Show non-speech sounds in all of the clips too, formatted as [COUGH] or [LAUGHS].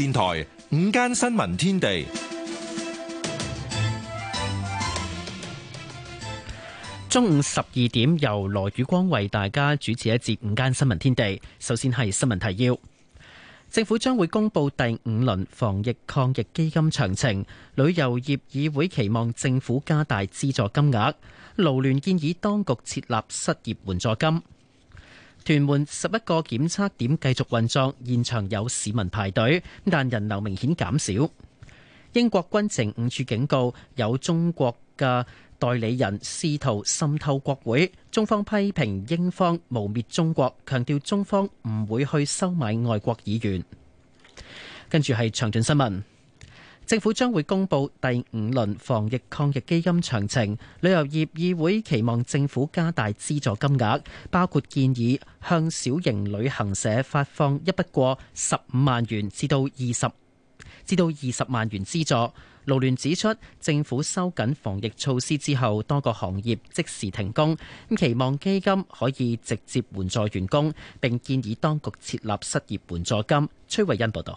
電台午間新聞天地，中午十二點由羅宇光為大家主持一節午間新聞天地。首先係新聞提要：政府將會公布第五輪防疫抗疫基金詳情，旅遊業議會期望政府加大資助金額，勞聯建議當局設立失業援助金。屯門十一個檢測點繼續運作，現場有市民排隊，但人流明顯減少。英國軍情五處警告有中國嘅代理人試圖滲透國會，中方批評英方誣衊中國，強調中方唔會去收買外國議員。跟住係詳盡新聞。政府將會公布第五輪防疫抗疫基金詳情，旅遊業議會期望政府加大資助金額，包括建議向小型旅行社發放一筆過十五萬元至到二十至到二十萬元資助。勞聯指出，政府收緊防疫措施之後，多個行業即時停工，咁期望基金可以直接援助員工，並建議當局設立失業援助金。崔慧欣報導。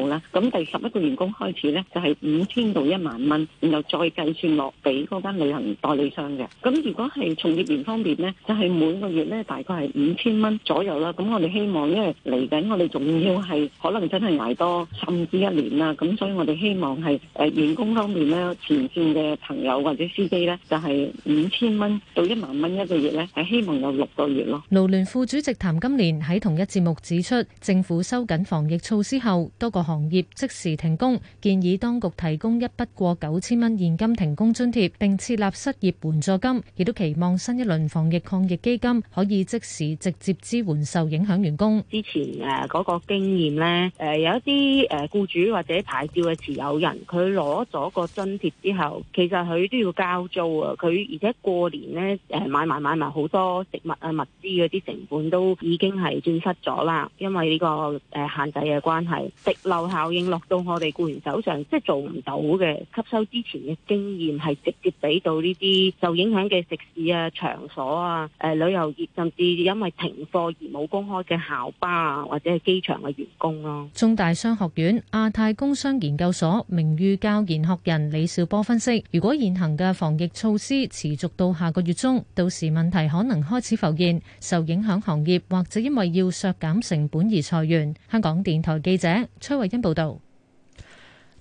啦，咁第十一個員工開始咧，就係五千到一萬蚊，然後再計算落俾嗰間旅行代理商嘅。咁如果係從業員方面咧，就係每個月咧大概係五千蚊左右啦。咁我哋希望因為嚟緊我哋仲要係可能真係挨多甚至一年啦。咁所以我哋希望係誒員工方面咧，前綫嘅朋友或者司機咧，就係五千蚊到一萬蚊一個月咧，係希望有六個月咯。勞聯副主席譚金蓮喺同一節目指出，政府收緊防疫措施後，多個。行業即時停工，建議當局提供一筆過九千蚊現金停工津貼，並設立失業援助金，亦都期望新一輪防疫抗疫基金可以即時直接支援受影響員工。之前誒嗰個經驗咧，有一啲誒僱主或者牌照嘅持有人，佢攞咗個津貼之後，其實佢都要交租啊！佢而且過年呢，誒買埋買埋好多食物啊物資嗰啲成本都已經係損失咗啦，因為呢個誒限制嘅關係，積留。效應落到我哋僱員手上，即係做唔到嘅吸收之前嘅經驗，係直接俾到呢啲受影響嘅食肆啊、場所啊、誒旅遊業，甚至因為停課而冇公開嘅校巴啊，或者係機場嘅員工咯。中大商學院亞太工商研究所名譽教研學人李兆波分析：如果現行嘅防疫措施持續到下個月中，到時問題可能開始浮現，受影響行業或者因為要削減成本而裁員。香港電台記者崔慧。報道：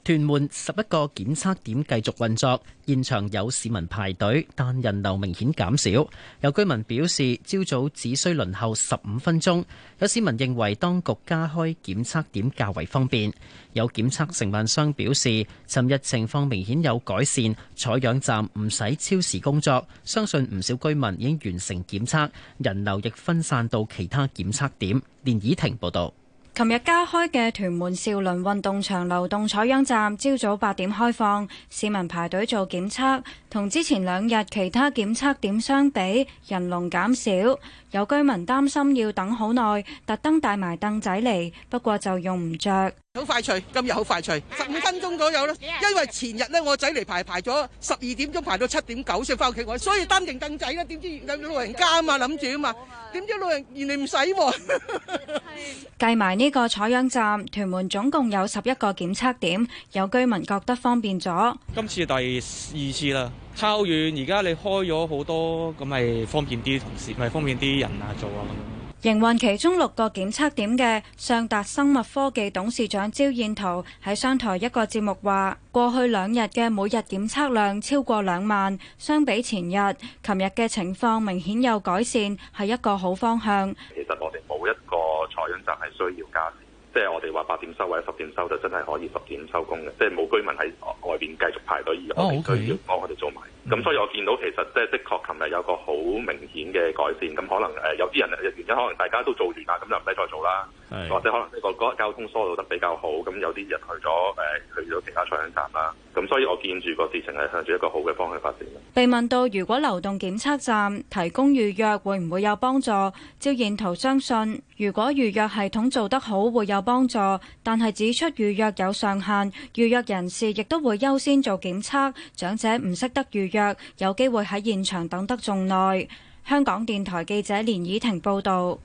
屯門十一個檢測點繼續運作，現場有市民排隊，但人流明顯減少。有居民表示，朝早只需輪候十五分鐘。有市民認為當局加開檢測點較為方便。有檢測承辦商表示，尋日情況明顯有改善，採樣站唔使超時工作。相信唔少居民已經完成檢測，人流亦分散到其他檢測點。連綺婷報道。琴日加開嘅屯門兆麟運動場流動採樣站，朝早八點開放，市民排隊做檢測。同之前兩日其他檢測點相比，人龍減少。有居民擔心要等好耐，特登帶埋凳仔嚟，不過就用唔着。好快脆，今日好快脆，十五分鐘左右咯。因為前日呢，我仔嚟排排咗十二點鐘排到七點九先翻屋企，我所以擔定凳仔啦。點知有老人家啊嘛，諗住啊嘛，點知老人原來唔使喎。 [LAUGHS] 計埋呢個採樣站，屯門總共有十一個檢測點，有居民覺得方便咗。今次第二次啦，超遠而家你開咗好多，咁咪方便啲同事，咪方便啲人啊做啊。營運其中六個檢測點嘅上達生物科技董事長焦燕圖喺商台一個節目話，過去兩日嘅每日檢測量超過兩萬，相比前日，琴日嘅情況明顯有改善，係一個好方向。其實我哋冇一個。就係需要加錢，即係我哋話八點收或者十點收，就真係可以十點收工嘅，即係冇居民喺外邊繼續排隊，而我哋需要幫佢哋做埋。 [NOISE] [NOISE] [NOISE] [NOISE] [NOISE] 咁、嗯、所以我見到其實即係的確琴日有個好明顯嘅改善。咁可能誒有啲人原因，可能大家都做完啦，咁就唔使再做啦。或者可能那個嗰交通疏導得比較好，咁有啲人去咗誒去咗其他採樣站啦。咁所以我見住個事情係向住一個好嘅方向發展。被問到如果流動檢測站提供預約，會唔會有幫助？趙燕濤相信如果預約系統做得好，會有幫助，但係指出預約有上限，預約人士亦都會優先做檢測，長者唔識得預約有機會喺現場等得仲耐。香港電台記者連以婷報道，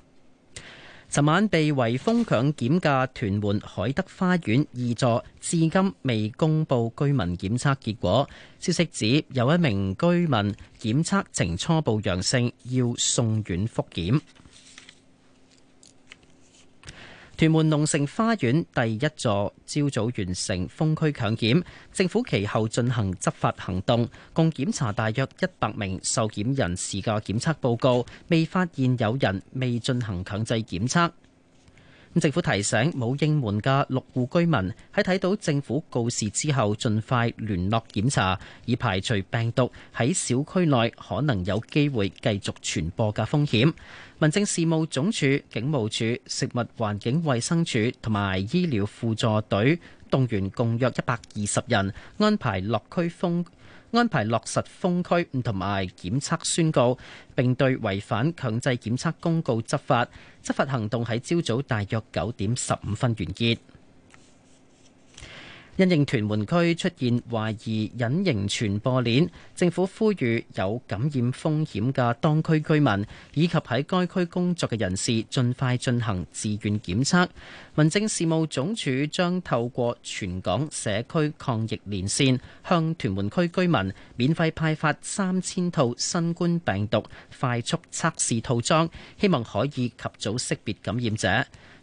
尋晚被圍封強檢嘅屯門海德花園二座，至今未公布居民檢測結果。消息指有一名居民檢測呈初步陽性，要送院復檢。屯門龍城花園第一座朝早完成封區強檢，政府其後進行執法行動，共檢查大約一百名受檢人士嘅檢測報告，未發現有人未進行強制檢測。政府提醒冇應門嘅六戶居民喺睇到政府告示之後，盡快聯絡檢查，以排除病毒喺小區內可能有機會繼續傳播嘅風險。民政事務總署、警務處、食物環境衛生署同埋醫療輔助隊動員共約一百二十人，安排落區風安排落實封區同埋檢測宣告，並對違反強制檢測公告執法，執法行動喺朝早大約九點十五分完結。因應屯門區出現懷疑隱形傳播鏈，政府呼籲有感染風險嘅當區居民以及喺該區工作嘅人士，盡快進行自願檢測。民政事務總署將透過全港社區抗疫連線，向屯門區居民免費派發三千套新冠病毒快速測試套裝，希望可以及早識別感染者。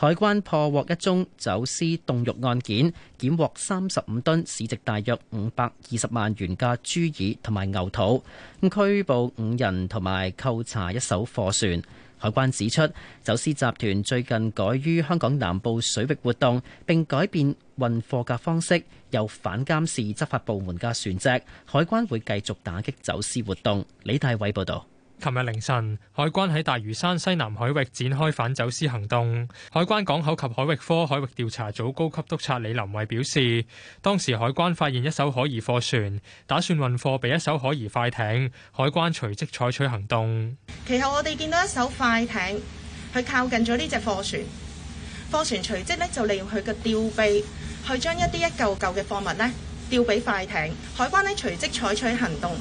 海關破獲一宗走私凍肉案件，檢獲三十五噸市值大約五百二十萬元嘅豬耳同埋牛肚，咁拘捕五人同埋扣查一艘貨船。海關指出，走私集團最近改於香港南部水域活動，並改變運貨嘅方式，由反監視執法部門嘅船隻。海關會繼續打擊走私活動。李大偉報導。琴日凌晨，海關喺大嶼山西南海域展開反走私行動，海關港口及海域科海域調查組高級督察李林偉表示，當時海關發現一艘可疑貨船，打算運貨俾一艘可疑快艇，海關隨即採取行動。其後我哋見到一艘快艇佢靠近咗呢隻貨船，貨船隨即咧就利用佢嘅吊臂去將一啲一舊舊嘅貨物咧吊俾快艇，海關咧隨即採取行動。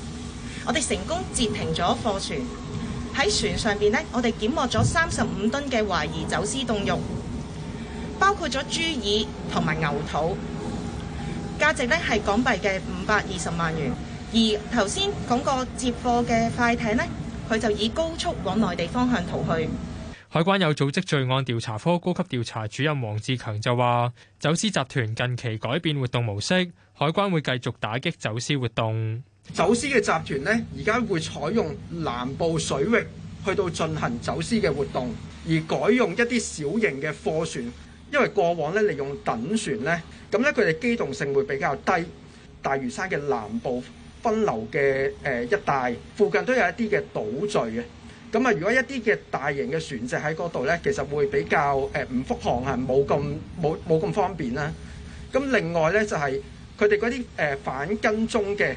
我哋成功截停咗貨船，喺船上邊呢我哋檢獲咗三十五噸嘅懷疑走私凍肉，包括咗豬耳同埋牛肚，價值呢係港幣嘅五百二十萬元。而頭先講過接貨嘅快艇呢，佢就以高速往內地方向逃去。海關有組織罪案調查科高級調查主任王志強就話：走私集團近期改變活動模式，海關會繼續打擊走私活動。走私嘅集團呢，而家會採用南部水域去到進行走私嘅活動，而改用一啲小型嘅貨船，因為過往咧利用等船呢，咁咧佢哋機動性會比較低。大嶼山嘅南部分流嘅誒一帶附近都有一啲嘅島嶼嘅，咁啊，如果一啲嘅大型嘅船隻喺嗰度呢，其實會比較誒唔復航，係冇咁冇冇咁方便啦。咁另外呢，就係佢哋嗰啲誒反跟蹤嘅。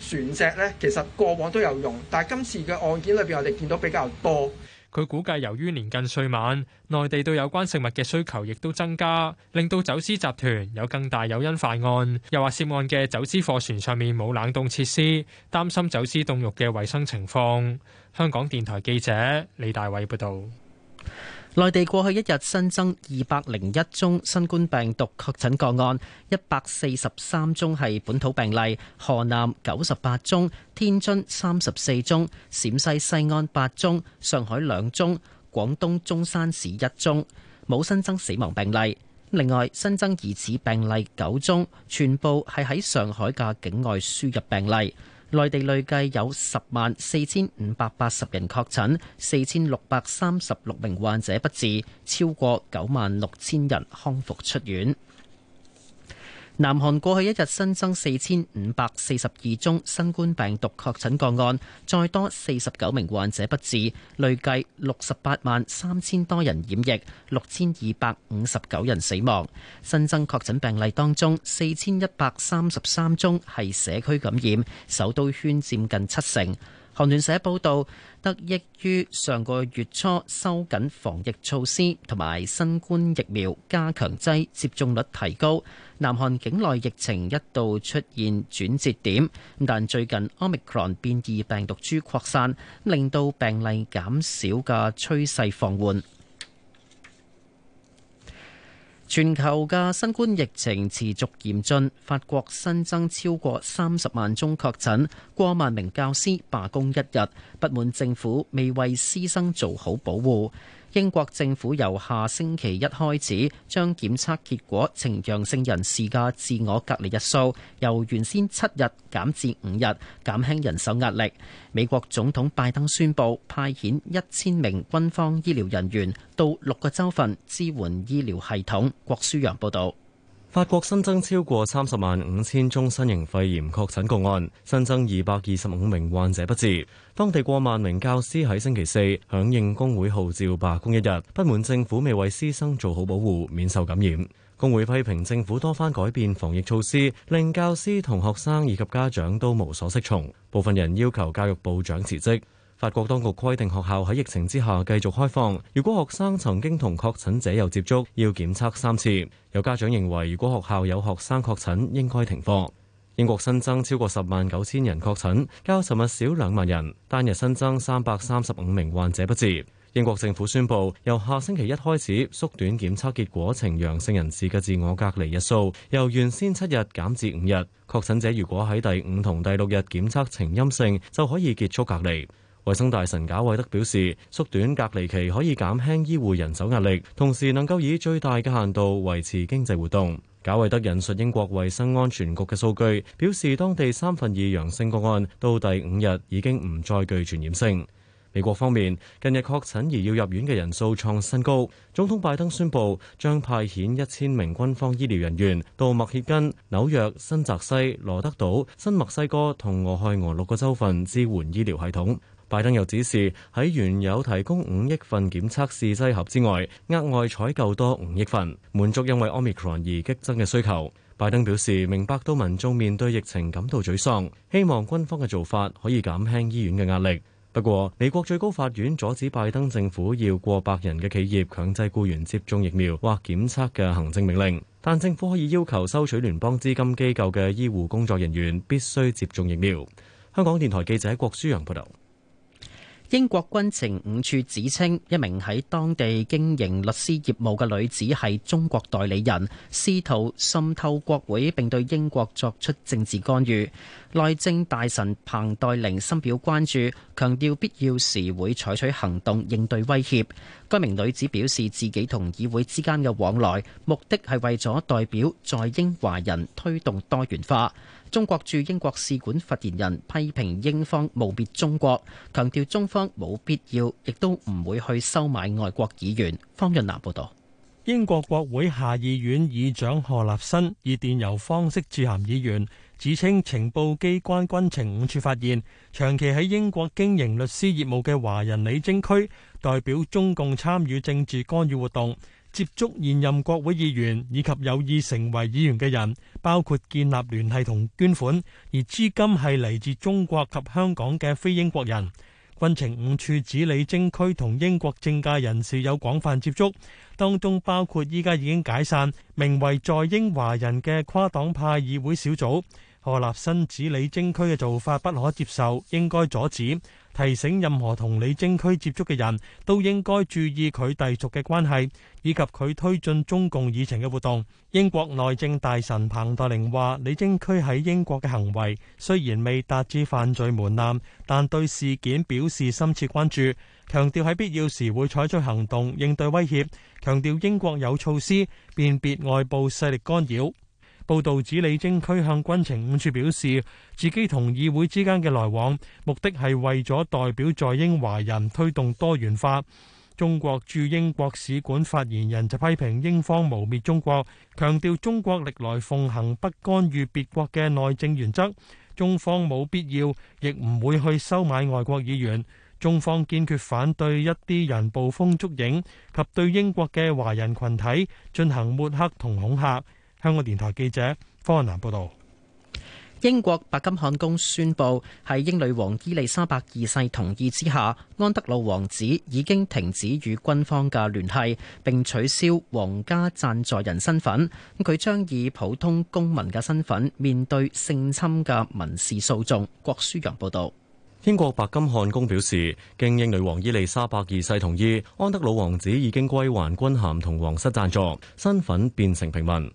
船隻呢，其實過往都有用，但係今次嘅案件裏邊，我哋見到比較多。佢估計由於年近歲晚，內地對有關食物嘅需求亦都增加，令到走私集團有更大誘因犯案，又話涉案嘅走私貨船上面冇冷凍設施，擔心走私凍肉嘅衞生情況。香港電台記者李大偉報導。內地過去一日新增二百零一宗新冠病毒確診個案，一百四十三宗係本土病例，河南九十八宗，天津三十四宗，陝西西安八宗，上海兩宗，廣東中山市一宗，冇新增死亡病例。另外，新增疑似病例九宗，全部係喺上海嘅境外輸入病例。內地累計有十萬四千五百八十人確診，四千六百三十六名患者不治，超過九萬六千人康復出院。南韓過去一日新增四千五百四十二宗新冠病毒確診個案，再多四十九名患者不治，累計六十八萬三千多人染疫，六千二百五十九人死亡。新增確診病例當中，四千一百三十三宗係社區感染，首都圈佔近七成。韓聯社報道，得益於上個月初收緊防疫措施同埋新冠疫苗加強劑接種率提高，南韓境內疫情一度出現轉折點。但最近 Omicron 變異病毒株擴散，令到病例減少嘅趨勢放緩。全球嘅新冠疫情持續嚴峻，法國新增超過三十萬宗確診，過萬名教師罷工一日，不滿政府未為師生做好保護。英國政府由下星期一開始，將檢測結果呈陽性人士嘅自我隔離日數由原先七日減至五日，減輕人手壓力。美國總統拜登宣布派遣一千名軍方醫療人員到六個州份支援醫療系統。郭舒揚報導。法國新增超過三十萬五千宗新型肺炎確診個案，新增二百二十五名患者不治。當地過萬名教師喺星期四響應工會號召罷工一日，不滿政府未為師生做好保護，免受感染。工會批評政府多番改變防疫措施，令教師同學生以及家長都無所適從。部分人要求教育部長辭職。法國當局規定學校喺疫情之下繼續開放。如果學生曾經同確診者有接觸，要檢測三次。有家長認為，如果學校有學生確診，應該停課。英國新增超過十萬九千人確診，較尋日少兩萬人，單日新增三百三十五名患者不治。英國政府宣布，由下星期一開始縮短檢測結果呈陽性人士嘅自我隔離日數，由原先七日減至五日。確診者如果喺第五同第六日檢測呈陰性，就可以結束隔離。衛生大臣賈維德表示，縮短隔離期可以減輕醫護人手壓力，同時能夠以最大嘅限度維持經濟活動。賈維德引述英國衛生安全局嘅數據，表示當地三分二陽性個案到第五日已經唔再具傳染性。美國方面，近日確診而要入院嘅人數創新高。總統拜登宣布將派遣一千名軍方醫療人員到麥歇根、紐約、新澤西、羅德島、新墨西哥同俄亥俄六個州份支援醫療系統。拜登又指示喺原有提供五億份檢測試劑盒之外，額外採購多五億份，滿足因為 Omicron 而激增嘅需求。拜登表示明白到民眾面對疫情感到沮喪，希望軍方嘅做法可以減輕醫院嘅壓力。不過美國最高法院阻止拜登政府要過百人嘅企業強制僱員接種疫苗或檢測嘅行政命令，但政府可以要求收取聯邦資金機構嘅醫護工作人員必須接種疫苗。香港電台記者郭舒陽報道。英國軍情五處指稱一名喺當地經營律師業務嘅女子係中國代理人，試圖滲透國會並對英國作出政治干預。內政大臣彭黛玲深表關注，強調必要時會採取行動應對威脅。該名女子表示自己同議會之間嘅往來，目的係為咗代表在英華人推動多元化。中國駐英國使館發言人批評英方污衊中國，強調中方冇必要，亦都唔會去收買外國議員。方潤南報道，英國國會下議院議長何立新以電郵方式致函議員，指稱情報機關軍情五處發現，長期喺英國經營律師業務嘅華人李貞區代表中共參與政治干預活動。接觸現任國會議員以及有意成為議員嘅人，包括建立聯繫同捐款，而資金係嚟自中國及香港嘅非英國人。軍情五處指李貞駒同英國政界人士有廣泛接觸，當中包括依家已經解散，名為在英華人嘅跨黨派議會小組。何立新指李貞駒嘅做法不可接受，應該阻止。提醒任何同李貞駒接觸嘅人都應該注意佢隸屬嘅關係，以及佢推進中共議程嘅活動。英國內政大臣彭黛玲話，李貞駒喺英國嘅行為雖然未達至犯罪門檻，但對事件表示深切關注，強調喺必要時會採取行動應對威脅，強調英國有措施辨別外部勢力干擾。報道指李貞駒向軍情五處表示，自己同議會之間嘅來往，目的係為咗代表在英華人推動多元化。中國駐英國使館發言人就批評英方誣蔑中國，強調中國歷來奉行不干預別國嘅內政原則，中方冇必要，亦唔會去收買外國議員。中方堅決反對一啲人捕風捉影及對英國嘅華人群體進行抹黑同恐嚇。香港電台記者方韻南報道，英國白金漢宮宣布喺英女王伊麗莎白二世同意之下，安德魯王子已經停止與軍方嘅聯繫，並取消皇家贊助人身份。佢將以普通公民嘅身份面對性侵嘅民事訴訟。郭書陽報道，英國白金漢宮表示，經英女王伊麗莎白二世同意，安德魯王子已經歸還軍銜同皇室贊助身份，變成平民。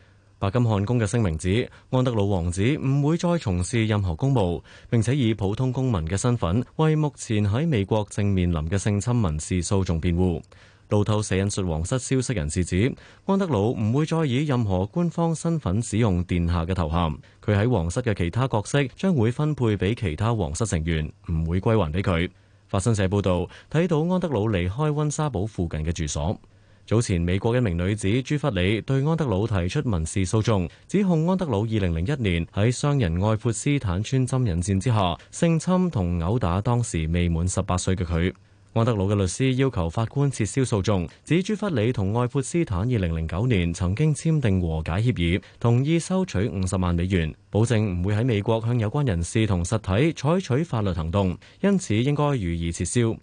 白金漢宮嘅聲明指，安德魯王子唔會再從事任何公務，並且以普通公民嘅身份為目前喺美國正面臨嘅性侵民事訴訟辯護。路透社引述皇室消息人士指，安德魯唔會再以任何官方身份使用殿下嘅頭銜，佢喺皇室嘅其他角色將會分配俾其他皇室成員，唔會歸還俾佢。法新社報道，睇到安德魯離開溫莎堡附近嘅住所。早前，美國一名女子朱弗里對安德魯提出民事訴訟，指控安德魯二零零一年喺商人愛潑斯坦穿針引線之下性侵同毆打當時未滿十八歲嘅佢。安德魯嘅律師要求法官撤銷訴訟，指朱弗里同愛潑斯坦二零零九年曾經簽訂和解協議，同意收取五十萬美元，保證唔會喺美國向有關人士同實體採取法律行動，因此應該予以撤銷。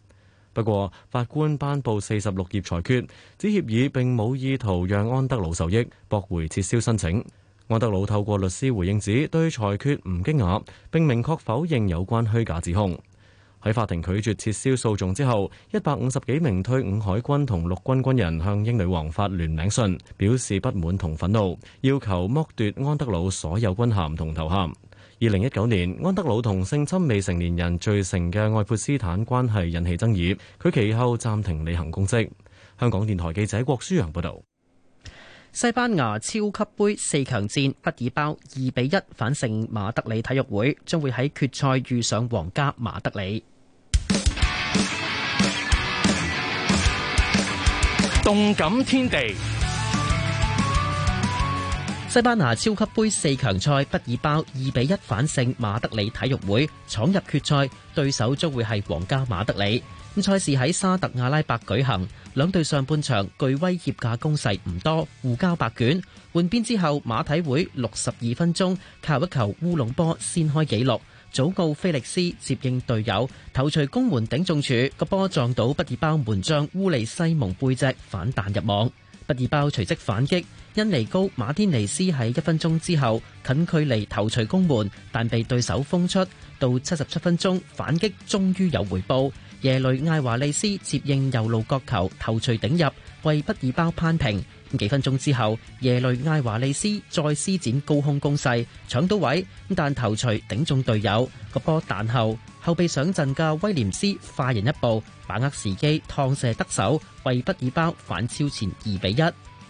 不過，法官頒布四十六頁裁決，指協議並冇意圖讓安德魯受益，駁回撤銷申請。安德魯透過律師回應指對裁決唔驚訝，並明確否認有關虛假指控。喺法庭拒絕撤銷訴訟之後，一百五十幾名退伍海軍同陸軍軍人向英女王發聯名信，表示不滿同憤怒，要求剝奪安德魯所有軍銜同頭銜。二零一九年，安德魯同性侵未成年人罪成嘅愛潑斯坦關係引起爭議，佢其後暫停履行公職。香港電台記者郭書陽報道。西班牙超級杯四強戰，畢爾包二比一反勝馬德里體育會，將會喺決賽遇上皇家馬德里。動感天地。西班牙超級杯四強賽，畢爾包二比一反勝馬德里體育會，闖入決賽，對手將會係皇家馬德里。咁賽事喺沙特阿拉伯舉行，兩隊上半場具威脅架攻勢唔多，互交白卷。換邊之後，馬體會六十二分鐘靠一球烏龍波先開紀錄，祖奧菲力斯接應隊友頭錘攻門頂中柱，個波撞到畢爾包門將烏利西蒙背脊反彈入網，畢爾包隨即反擊。因尼高馬天尼斯喺一分鐘之後近距離頭槌攻門，但被對手封出。到七十七分鐘反擊終於有回報，耶雷艾華利斯接應右路角球頭槌頂入，為畢爾包扳平。咁幾分鐘之後，耶雷艾華利斯再施展高空攻勢搶到位，咁但頭槌頂中隊友個波彈後，後備上陣嘅威廉斯快人一步，把握時機趟射得手，為畢爾包反超前二比一。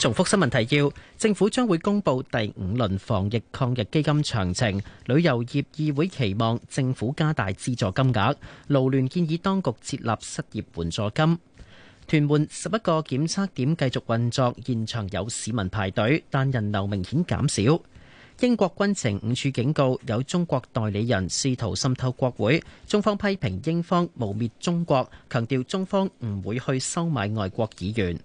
重複新聞提要：政府將會公布第五輪防疫抗疫基金詳情。旅遊業議會期望政府加大資助金額。勞聯建議當局設立失業援助金。屯門十一個檢測點繼續運作，現場有市民排隊，但人流明顯減少。英國軍情五處警告有中國代理人試圖滲透國會。中方批評英方污衊中國，強調中方唔會去收買外國議員。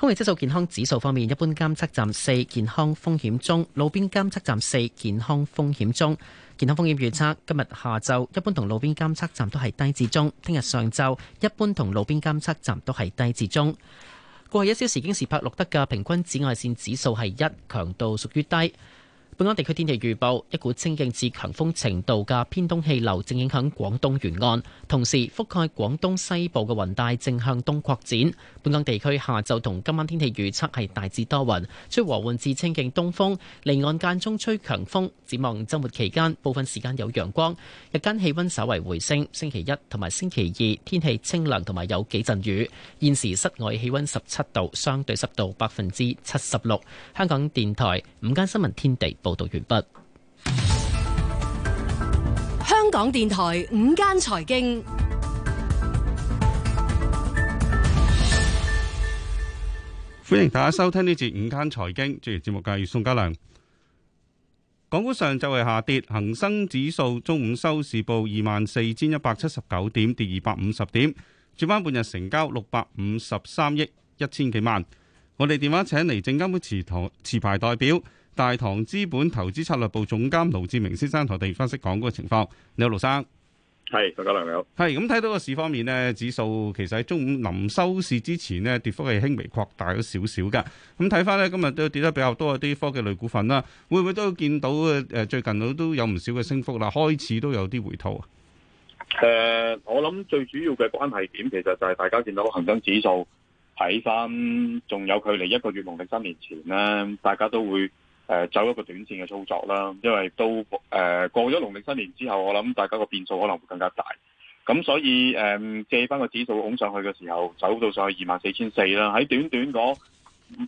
空氣質素健康指數方面，一般監測站四健康風險中，路邊監測站四健康風險中。健康風險預測今日下晝一般同路邊監測站都係低至中，聽日上晝一般同路邊監測站都係低至中。過去一小時京士柏錄得嘅平均紫外線指數係一，強度屬於低。本港地區天氣預報：一股清勁至強風程度嘅偏東氣流正影響廣東沿岸，同時覆蓋廣東西部嘅雲帶正向東擴展。本港地區下晝同今晚天氣預測係大致多雲，吹和緩至清勁東風，離岸間中吹強風。展望週末期間，部分時間有陽光，日間氣溫稍為回升。星期一同埋星期二天氣清涼同埋有幾陣雨。現時室外氣溫十七度，相對濕度百分之七十六。香港電台午間新聞天地。報道完畢。香港電台午間財經、嗯，歡迎大家收聽呢節午間財經。主持節目嘅係宋家良。港股上晝係下跌，恒生指數中午收市報二萬四千一百七十九點，跌二百五十點。主板半日成交六百五十三億一千幾萬。我哋電話請嚟證監會持台持牌代表，大唐資本投資策略部總監盧志明先生同我哋分析講嗰個情況。你好，盧生，係大家兩位好。係咁睇到個市方面呢，指數其實喺中午臨收市之前呢，跌幅係輕微擴大咗少少嘅。咁睇翻呢，今日都跌得比較多一啲科技類股份啦，會唔會都會見到誒？最近都有唔少嘅升幅啦，開始都有啲回吐。誒、呃，我諗最主要嘅關係點，其實就係大家見到恒生指數睇翻仲有距離一個月農曆三年前呢，大家都會。誒，走一個短線嘅操作啦，因為都誒、呃、過咗農曆新年之後，我諗大家個變數可能會更加大。咁所以誒、嗯、借翻個指數拱上去嘅時候，走到上去二萬四千四啦。喺短短嗰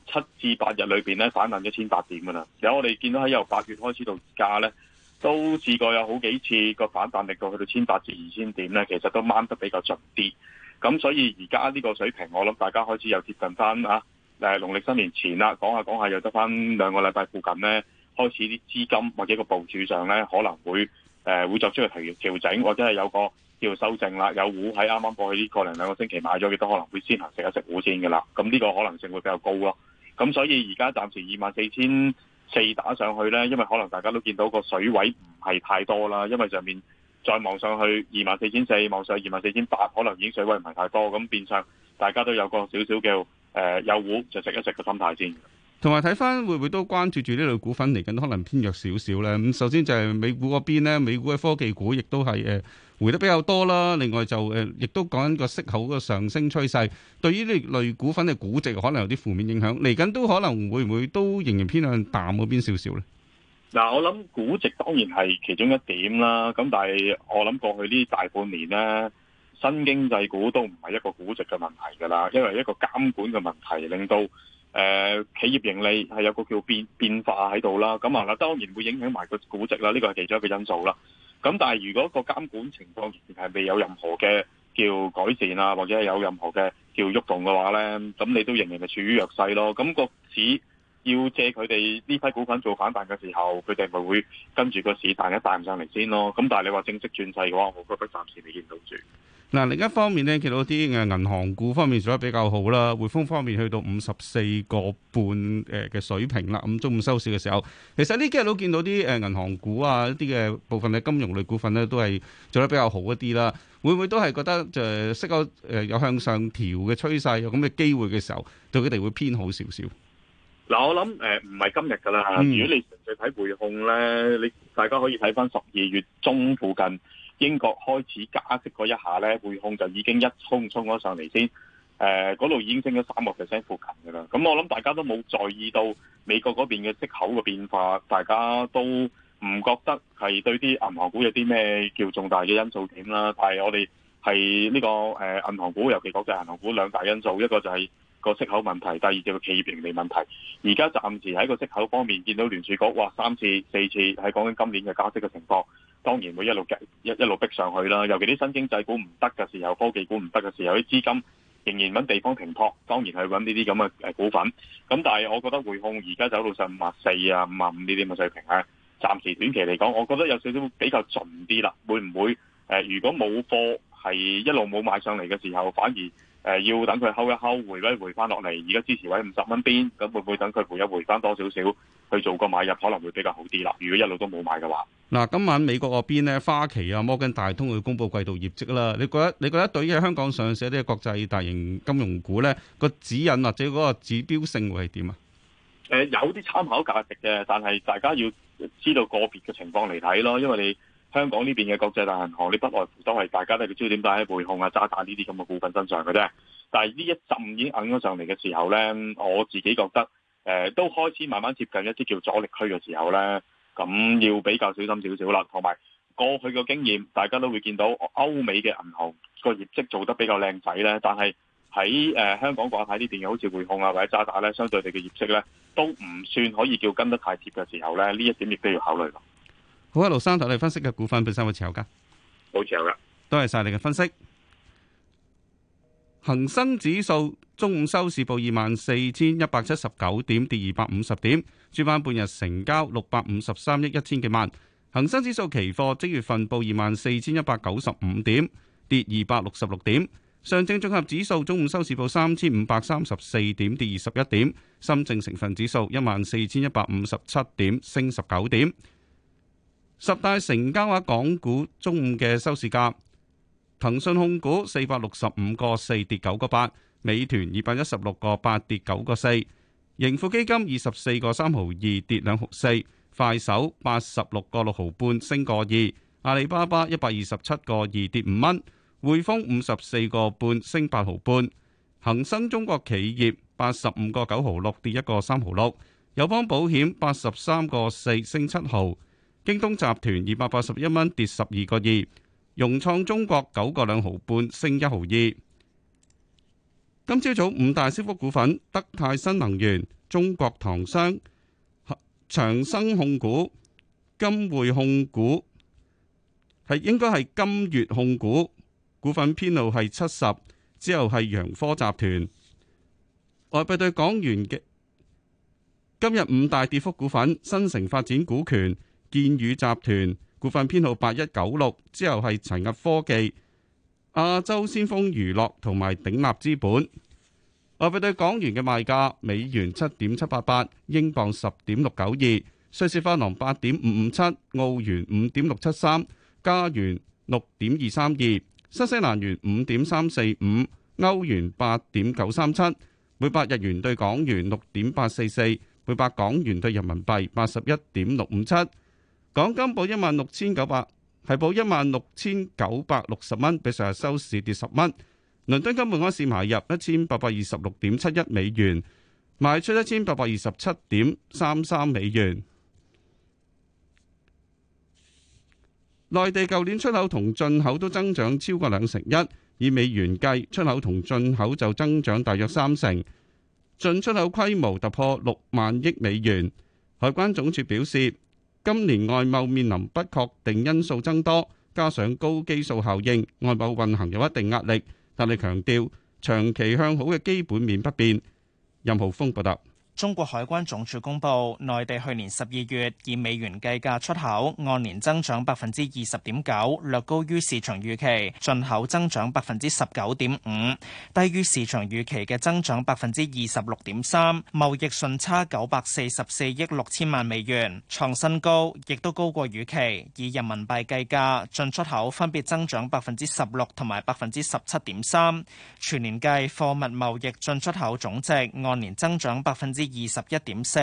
七至八日裏邊咧，反彈一千八點噶啦。有我哋見到喺由八月開始到而家咧，都試過有好幾次個反彈力度去到千八至二千點咧，其實都掹得比較盡啲。咁所以而家呢個水平，我諗大家開始又接近翻吓。誒，農曆新年前啦，講下講下又得翻兩個禮拜附近呢，開始啲資金或者個部署上呢，可能會誒、呃、會作出個提調整，或者係有個叫修正啦。有糊喺啱啱過去呢個零兩個星期買咗幾多，都可能會先行食一食糊先嘅啦。咁呢個可能性會比較高咯。咁所以而家暫時二萬四千四打上去呢，因為可能大家都見到個水位唔係太多啦，因為上面再望上去二萬四千四，望上去二萬四千八，可能已經水位唔係太多。咁變相大家都有個少少叫。誒、呃，有股就食一食個心態先。同埋睇翻，會唔會都關注住呢類股份嚟緊可能偏弱少少咧？咁首先就係美股嗰邊咧，美股嘅科技股亦都係誒回得比較多啦。另外就誒，亦都講緊個息口個上升趨勢，對於呢類股份嘅估值可能有啲負面影響。嚟緊都可能會唔會都仍然偏向淡嗰邊少少咧？嗱、呃，我諗估值當然係其中一點啦。咁但係我諗過去呢大半年呢。新經濟股都唔係一個估值嘅問題㗎啦，因為一個監管嘅問題令到誒、呃、企業盈利係有個叫變變化喺度啦，咁啊當然會影響埋個估值啦，呢個係其中一個因素啦。咁但係如果個監管情況仍然係未有任何嘅叫改善啊，或者係有任何嘅叫喐動嘅話咧，咁你都仍然係處於弱勢咯。咁、那個市。要借佢哋呢批股份做反彈嘅時候，佢哋咪會跟住個市彈一彈上嚟先咯。咁但係你話正式轉勢嘅話，我覺得暫時未見到住。嗱，另一方面呢，見到啲誒銀行股方面做得比較好啦。匯豐方面去到五十四個半誒嘅水平啦。咁中午收市嘅時候，其實呢幾日都見到啲誒銀行股啊，一啲嘅部分嘅金融類股份呢，都係做得比較好一啲啦。會唔會都係覺得就係適合誒有向上調嘅趨勢，有咁嘅機會嘅時候，對佢哋會偏好少少？嗱，我諗誒，唔係今日噶啦。如果你純粹睇匯控咧，你大家可以睇翻十二月中附近英國開始加息嗰一下咧，匯控就已經一衝衝咗上嚟先。誒、呃，嗰度已經升咗三個 percent 附近噶啦。咁我諗大家都冇在意到美國嗰邊嘅息口嘅變化，大家都唔覺得係對啲銀行股有啲咩叫重大嘅因素點啦。但係我哋係呢個誒、呃、銀行股，尤其國際銀行股兩大因素，一個就係、係。個息口問題，第二就個企業盈利問題。而家暫時喺個息口方面，見到聯儲局，話，三次、四次，係講緊今年嘅加息嘅情況。當然會一路一一路逼上去啦。尤其啲新經濟股唔得嘅時候，科技股唔得嘅時候，啲資金仍然揾地方停泊，當然係揾呢啲咁嘅誒股份。咁但係我覺得匯控而家走到上五萬四啊、五萬五呢啲咁嘅水平啊，暫時短期嚟講，我覺得有少少比較盡啲啦。會唔會誒？如果冇貨係一路冇買上嚟嘅時候，反而？誒、呃，要等佢收一收，回一回翻落嚟。而家支持位五十蚊邊，咁會唔會等佢回一回翻多少少去做個買入，可能會比較好啲啦。如果一路都冇買嘅話，嗱，今晚美國嗰邊咧，花旗啊、摩根大通會公布季度業績啦。你覺得你覺得對於香港上市啲國際大型金融股咧，個指引或者嗰個指標性會係點啊？誒、呃，有啲參考價值嘅，但係大家要知道個別嘅情況嚟睇咯，因為你。香港呢邊嘅國際大銀行，你不外乎都係大家都係個焦點擺喺匯控啊、渣打呢啲咁嘅股份身上嘅啫。但係呢一陣已經挾咗上嚟嘅時候呢，我自己覺得誒、呃、都開始慢慢接近一啲叫阻力區嘅時候呢，咁要比較小心少少啦。同埋過去嘅經驗，大家都會見到歐美嘅銀行個業績做得比較靚仔呢。但係喺、呃、香港掛牌呢邊嘅好似匯控啊或者渣打呢，相對地嘅業績呢，都唔算可以叫跟得太貼嘅時候呢，呢一點亦都要考慮。好，盧生同你分析嘅股份本身位持有家，好長啦。多謝晒你嘅分析。恒生指數中午收市報二萬四千一百七十九點，跌二百五十點。主板半日成交六百五十三億一千幾萬。恒生指數期貨即月份報二萬四千一百九十五點，跌二百六十六點。上證綜合指數中午收市報三千五百三十四點，跌二十一點。深證成分指數一萬四千一百五十七點，升十九點。十大成交額港股中午嘅收市價：騰訊控股四百六十五個四跌九個八，美團二百一十六個八跌九個四，盈富基金二十四個三毫二跌兩毫四，快手八十六個六毫半升個二，阿里巴巴一百二十七個二跌五蚊，匯豐五十四個半升八毫半，恒生中國企業八十五個九毫六跌一個三毫六，友邦保險八十三個四升七毫。京東集團二百八十一蚊跌十二個二，融創中國九個兩毫半升一毫二。今朝早五大升幅股份：德泰新能源、中國唐商、長生控股、金匯控股，係應該係金月控股股份編號係七十，之後係揚科集團。外幣對港元嘅今日五大跌幅股份：新城發展股權。建宇集團股份編號八一九六，之後係齊屹科技、亞洲先鋒娛樂同埋鼎立資本。外匯對港元嘅賣價：美元七點七八八，英鎊十點六九二，瑞士法郎八點五五七，澳元五點六七三，加元六點二三二，新西蘭元五點三四五，歐元八點九三七，每百日元對港元六點八四四，每百港元對人民幣八十一點六五七。港金報一萬六千九百，係報一萬六千九百六十蚊，比上日收市跌十蚊。倫敦金每盎司買入一千八百二十六點七一美元，賣出一千八百二十七點三三美元。內地舊年出口同進口都增長超過兩成一，以美元計，出口同進口就增長大約三成，進出口規模突破六萬億美元。海關總署表示，今年外貿面臨不確定因素增多，加上高基數效應，外貿運行有一定壓力。但係強調，長期向好嘅基本面不變。任浩峰報道。中國海關總署公布，內地去年十二月以美元計價出口按年增長百分之二十點九，略高於市場預期；進口增長百分之十九點五，低於市場預期嘅增長百分之二十六點三。貿易順差九百四十四億六千萬美元，創新高，亦都高過預期。以人民幣計價，進出口分別增長百分之十六同埋百分之十七點三。全年計貨物貿易進出口總值按年增長百分之。之二十一點四，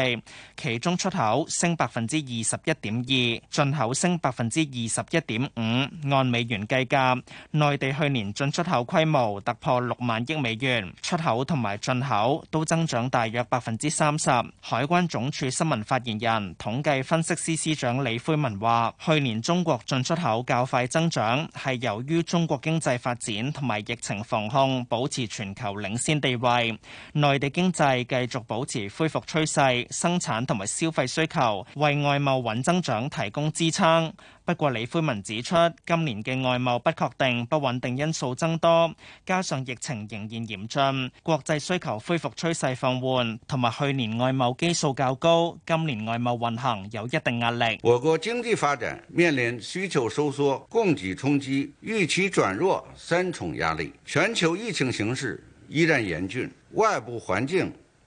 其中出口升百分之二十一點二，進口升百分之二十一點五。按美元計價，內地去年進出口規模突破六萬億美元，出口同埋進口都增長大約百分之三十。海關總署新聞發言人、統計分析司司長李魁文話，去年中國進出口較快增長，係由於中國經濟發展同埋疫情防控保持全球領先地位，內地經濟繼續保持。恢復趨勢、生產同埋消費需求，為外貿穩增長提供支撐。不過李魁文指出，今年嘅外貿不確定、不穩定因素增多，加上疫情仍然嚴峻，國際需求恢復趨勢放緩，同埋去年外貿基數較高，今年外貿運行有一定壓力。我國經濟發展面臨需求收縮、供給衝擊、預期轉弱三重壓力，全球疫情形勢依然嚴峻，外部環境。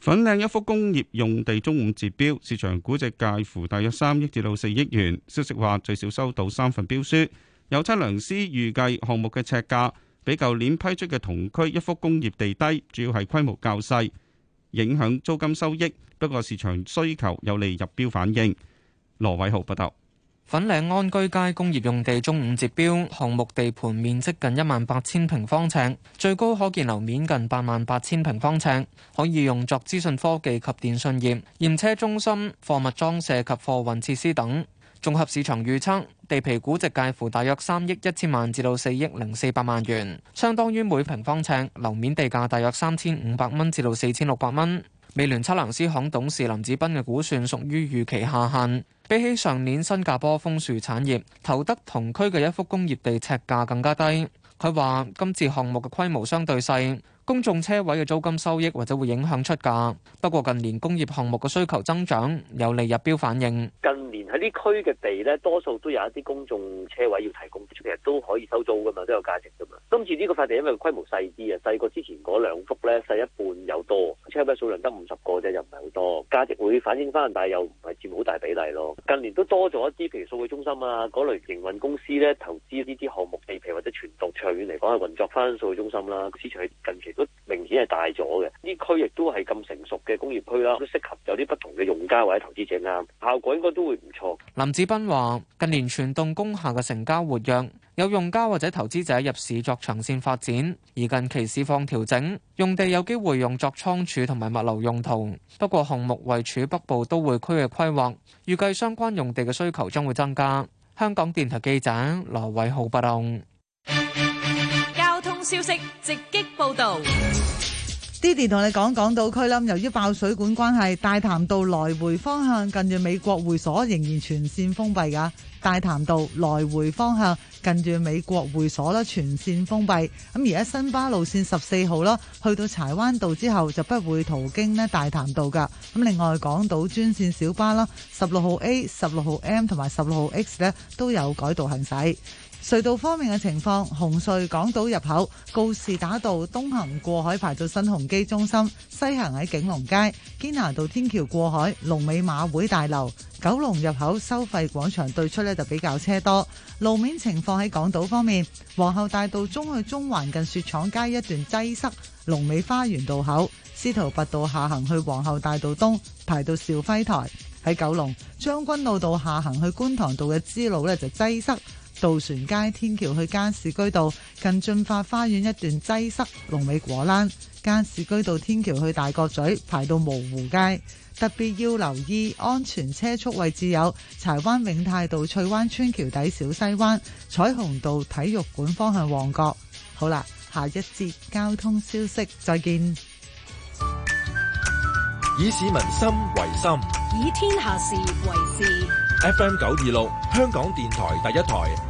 粉嶺一幅工業用地中午截標，市場估值介乎大約三億至到四億元。消息話最少收到三份標書，有測量師預計項目嘅尺價比舊年批出嘅同區一幅工業地低，主要係規模較細，影響租金收益，不過市場需求有利入標反應。羅偉豪報道。不得粉嶺安居街工業用地中午截標，項目地盤面積近一萬八千平方尺，最高可建樓面近八萬八千平方尺，可以用作資訊科技及電訊業、驗車中心、貨物裝卸及貨運設施等。綜合市場預測，地皮估值介乎大約三億一千萬至到四億零四百萬元，相當於每平方尺樓面地價大約三千五百蚊至到四千六百蚊。美聯測量師行董事林子斌嘅估算屬於預期下限。比起上年新加坡豐樹產業，投得同區嘅一幅工業地尺價更加低。佢話今次項目嘅規模相對細。公眾車位嘅租金收益或者會影響出價，不過近年工業項目嘅需求增長，有利入標反應。近年喺呢區嘅地咧，多數都有一啲公眾車位要提供，其實都可以收租噶嘛，都有價值噶嘛。今次呢個塊地因為規模細啲啊，細過之前嗰兩幅咧，細一半有多，車位數量得五十個啫，又唔係好多，價值會反映翻，但係又唔係佔好大比例咯。近年都多咗一啲，譬如數據中心啊，嗰類營運公司咧投資呢啲項目地皮或者全獨長遠嚟講係運作翻數據中心啦，市場喺近期。都明顯係大咗嘅，呢區亦都係咁成熟嘅工業區啦，都適合有啲不同嘅用家或者投資者啦。效果應該都會唔錯。林志斌話：近年傳動工廈嘅成交活躍，有用家或者投資者入市作長線發展，而近期市況調整，用地有機會用作倉儲同埋物流用途。不過項目位處北部都會區嘅規劃，預計相關用地嘅需求將會增加。香港電台記者羅偉浩報道。消息直擊報道，Diddy 同你講港島區啦。由於爆水管關係，大潭道來回方向近住美國會所仍然全線封閉噶。大潭道來回方向近住美國會所啦，全線封閉。咁而家新巴路線十四號啦，去到柴灣道之後就不會途經呢大潭道噶。咁另外港島專線小巴啦，十六號 A、十六號 M 同埋十六號 X 呢都有改道行駛。隧道方面嘅情況，紅隧港島入口告士打道東行過海排到新鴻基中心，西行喺景隆街堅拿道天橋過海，龍尾馬會大樓九龍入口收費廣場對出呢就比較車多。路面情況喺港島方面，皇后大道中去中環近雪廠街一段擠塞，龍尾花園道口，司徒拔道下行去皇后大道東排到兆輝台。喺九龍將軍澳道下行去觀塘道嘅支路呢就擠塞。渡船街天橋去嘉士居道近駿發花園一段擠塞，龍尾果欄；嘉士居道天橋去大角咀排到蕪湖街。特別要留意安全車速位置有柴灣永泰道、翠灣村橋底、小西灣彩虹道、體育館方向旺角。好啦，下一節交通消息，再見。以市民心為心，以天下事為事。FM 九二六，香港電台第一台。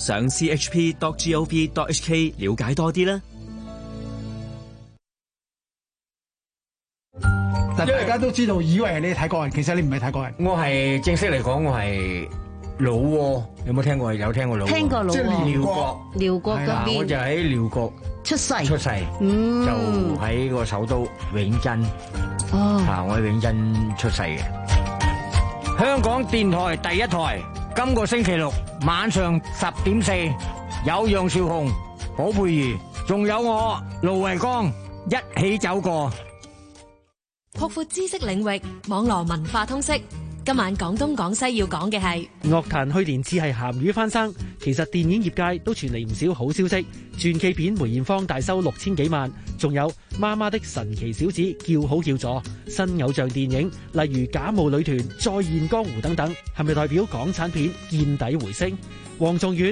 上 c h p dot g o v dot h k，了解多啲啦。但係大家都知道，以為你係泰國人，其實你唔係泰國人。我係正式嚟講，我係老撾，有冇聽過？有聽過老撾？聽過老撾。即係寮國，寮國，嗱，我就喺寮國出世，出世，就喺個首都永珍哦，我係永珍出世嘅。香港電台第一台。今個星期六晚上十點四有楊兆雄、寶佩儀，仲有我盧維剛一起走過，擴闊知識領域，網絡文化通識。今晚廣東廣西要講嘅係樂壇去年似係鹹魚翻生，其實電影業界都傳嚟唔少好消息。傳記片梅艷芳大收六千幾萬，仲有《媽媽的神奇小子》叫好叫座。新偶像電影例如假冒女團再現江湖等等，係咪代表港產片見底回升？黃仲宇。